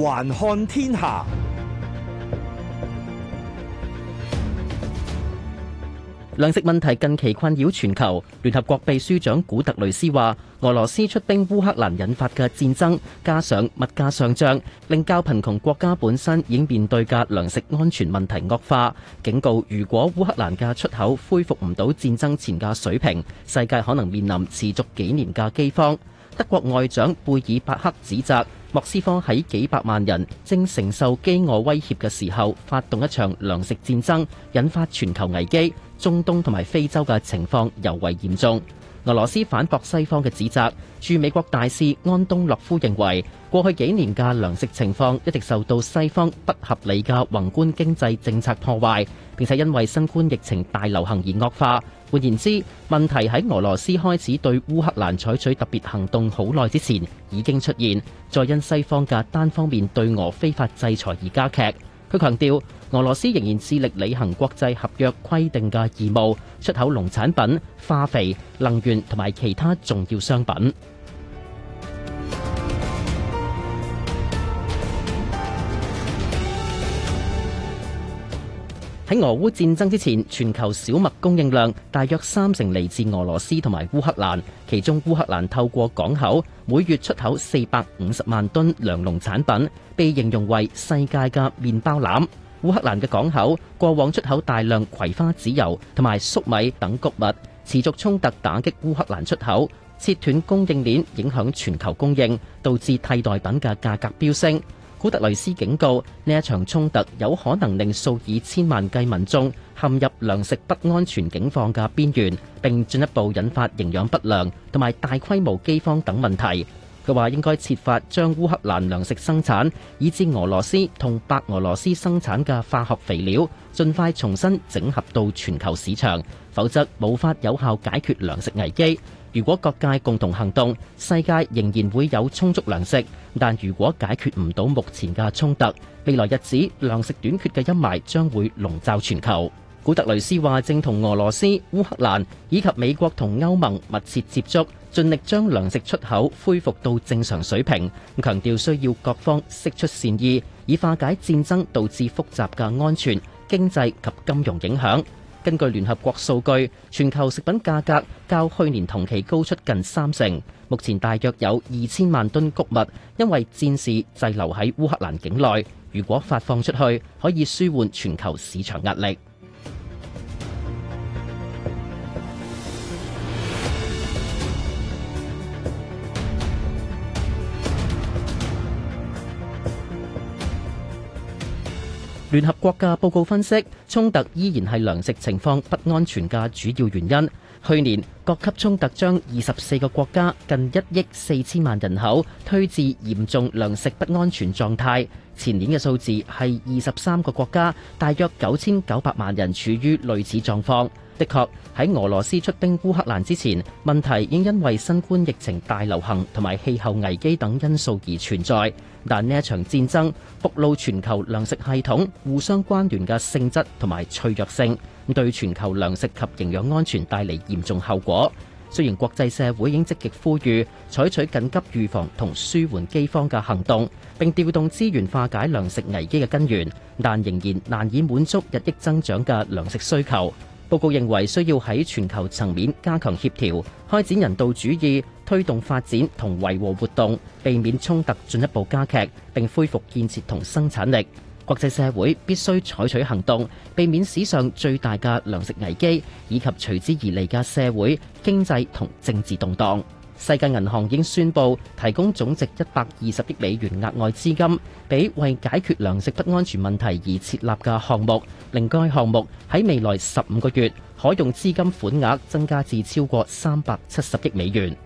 環看天下，糧食問題近期困擾全球。聯合國秘書長古特雷斯話，俄羅斯出兵烏克蘭引發嘅戰爭，加上物價上漲，令較貧窮國家本身已經面對嘅糧食安全問題惡化。警告，如果烏克蘭嘅出口恢復唔到戰爭前嘅水平，世界可能面臨持續幾年嘅饑荒。德國外長貝爾伯克指責。莫斯科喺幾百萬人正承受飢餓威脅嘅時候，發動一場糧食戰爭，引發全球危機。中東同埋非洲嘅情況尤為嚴重。俄羅斯反駁西方嘅指責。駐美國大使安東諾夫認為，過去幾年嘅糧食情況一直受到西方不合理嘅宏觀經濟政策破壞，並且因為新冠疫情大流行而惡化。換言之，問題喺俄羅斯開始對烏克蘭採取特別行動好耐之前已經出現，再因西方嘅單方面對俄非法制裁而加劇。佢強調，俄羅斯仍然致力履行國際合約規定嘅義務，出口農產品、化肥、能源同埋其他重要商品。喺俄烏戰爭之前，全球小麥供應量大約三成嚟自俄羅斯同埋烏克蘭。其中，烏克蘭透過港口每月出口四百五十萬噸糧農產品，被形容為世界嘅麵包籃。烏克蘭嘅港口，過往出口大量葵花籽油同埋粟米等穀物，持續衝突打擊烏克蘭出口，切斷供應鏈影響全球供應，導致替代品嘅價格飆升。古特雷斯警告，呢一場衝突有可能令數以千萬計民眾陷入糧食不安全境況嘅邊緣，並進一步引發營養不良同埋大規模饑荒等問題。佢話應該設法將烏克蘭糧食生產，以至俄羅斯同白俄羅斯生產嘅化學肥料，盡快重新整合到全球市場，否則無法有效解決糧食危機。如果各界共同行動，世界仍然會有充足糧食；但如果解決唔到目前嘅衝突，未來日子糧食短缺嘅陰霾將會籠罩全球。古特雷斯話正同俄羅斯烏克蘭以及美國同歐盟密切接觸，盡力將糧食出口恢復到正常水平，強調需要各方釋出善意，以化解戰爭導致複雜嘅安全經濟及金融影響。根據聯合國數據，全球食品價格較去年同期高出近三成，目前大約有二千萬噸穀物因為戰事滯留喺烏克蘭境內，如果發放出去可以舒緩全球市場壓力。聯合國嘅報告分析，衝突依然係糧食情況不安全嘅主要原因。去年，各級衝突將二十四個國家近一億四千萬人口推至嚴重糧食不安全狀態，前年嘅數字係二十三個國家，大約九千九百萬人處於類似狀況。的確喺俄羅斯出兵烏克蘭之前，問題已因為新冠疫情大流行同埋氣候危機等因素而存在。但呢一場戰爭暴露全球糧食系統互相關聯嘅性質同埋脆弱性，對全球糧食及營養安全帶嚟嚴重後果。雖然國際社會已積極呼籲採取緊急預防同舒緩饑荒嘅行動，並調動資源化解糧食危機嘅根源，但仍然難以滿足日益增長嘅糧食需求。報告認為，需要喺全球層面加強協調，開展人道主義、推動發展同維和活動，避免衝突進一步加劇，並恢復建設同生產力。國際社會必須採取行動，避免史上最大嘅糧食危機，以及隨之而嚟嘅社會、經濟同政治動盪。世界銀行已經宣布提供總值一百二十億美元額外資金，俾為解決糧食不安全問題而設立嘅項目，令該項目喺未來十五個月可用資金款額增加至超過三百七十億美元。